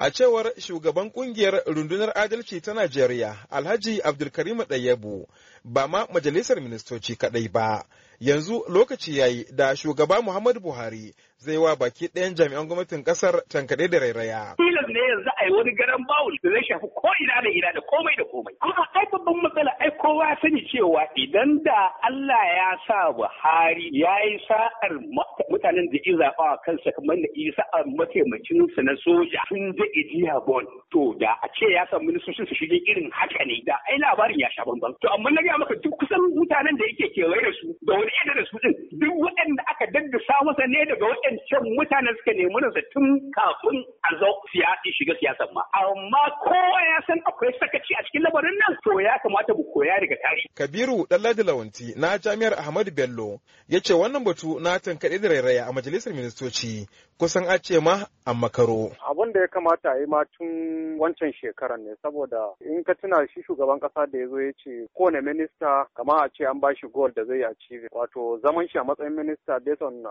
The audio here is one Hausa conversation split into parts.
A cewar shugaban kungiyar rundunar adalci ta Najeriya, Alhaji Abdulkarim Ɗayyabu, ba ma majalisar ministoci kaɗai ba, yanzu lokaci yayi da shugaba muhammadu buhari zai wa baki ɗayan jami'an gwamnatin ƙasar tankaɗe da rairaya. tilas ne yanzu a yi wani garan bawul da zai shafi ko ina da ina da komai da komai kuma ai babban matsala ai kowa sani cewa idan da Allah ya sa Buhari ya yi sa'ar mutanen da ya zaɓa a kansa kamar da isa a mataimakinsa na soja sun da ijiya bon to da a ce ya san ministocin su shige irin haka ne da ai labarin ya sha bambam. to amma na gaya maka duk kewaye da su da wani yadda da su din duk waɗanda aka daddasa masa ne daga waɗancan mutanen suka nemi nasa tun kafin a zo siyasa shiga siyasar ma amma kowa ya san akwai sakaci a cikin labarin nan to ya kamata mu koya daga tashi. Kabiru Ɗanladi Lawanti na Jami'ar Ahmadu Bello ya ce wannan batu na tankaɗe da rairaya a majalisar ministoci kusan a ce ma a makaro. abin da ya kamata a yi ma tun wancan shekaran ne saboda in ka tuna shi shugaban kasa da ya zo ya ce kowane minista kama a ce an ba shi goal da zai yi achieve wato zaman shi a matsayin minista based on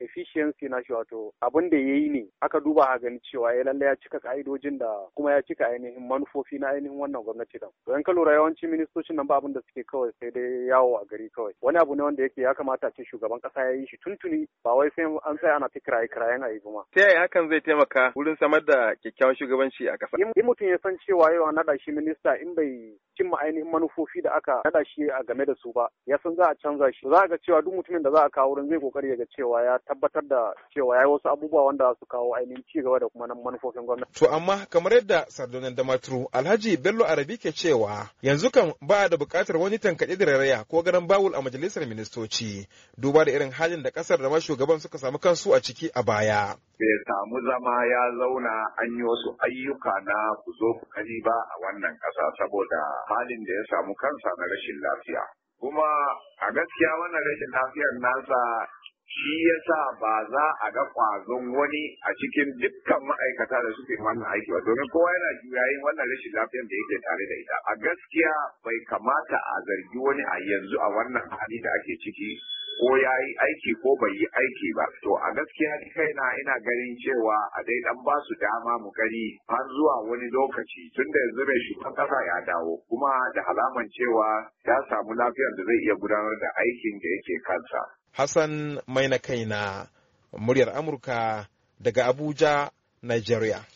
efficiency na shi wato abin da ya yi ne aka duba a gani cewa ya eh, lalle ya cika ka'idojin da kuma ya cika ainihin manufofi na ainihin wannan gwamnati da to ka lura yawanci ministocin nan ba abin da suke kawai sai dai yawo a gari kawai wani abu ne wanda yake ya kamata ce shugaban kasa ya yi shi tuntuni ba wai sai an tsaya ana ta kiraye kirayen a yi ba ta yaya hakan zai taimaka wurin samar da kyakkyawan shugabanci a kasa in mutum ya san cewa yau an naɗa shi minista in bai cimma ainihin manufofi da aka nada shi a game da su ba ya san za a canza shi za a ga cewa duk mutumin da za a kawo wurin zai kokari ga cewa ya tabbatar da cewa ya yi wasu abubuwa wanda su kawo ainihin ci gaba da kuma nan manufofin gwamnati. To amma kamar yadda da Damaturu Alhaji Bello Arabi ke cewa yanzu kan ba da buƙatar wani tankaɗe da raraya ko ganin bawul a majalisar ministoci duba da irin halin da ƙasar da shugaban suka samu kansu a ciki a baya. Bai samu zama ya zauna an yi wasu ayyuka na ku zo ku kari ba a wannan ƙasa saboda halin da ya samu kansa na rashin lafiya kuma a gaskiya wannan rashin lafiyar nasa shi ya sa ba za a ga kwazon wani a cikin dukkan ma'aikata da suke wannan aiki ba domin kowa yana juyayin wannan rashin lafiyar da yake tare da ita a gaskiya bai kamata a zargi wani a yanzu a wannan hali da ake ciki ko ya yi aiki ko bai yi aiki ba to a gaskiya ni kaina ina ganin cewa a dai dan ba su dama mu gani har zuwa wani lokaci tunda yanzu mai shugaban kasa ya dawo kuma da alaman cewa ya samu lafiyar da zai iya gudanar da aikin da yake kansa Hassan mai na kaina muryar Amurka daga Abuja Nigeria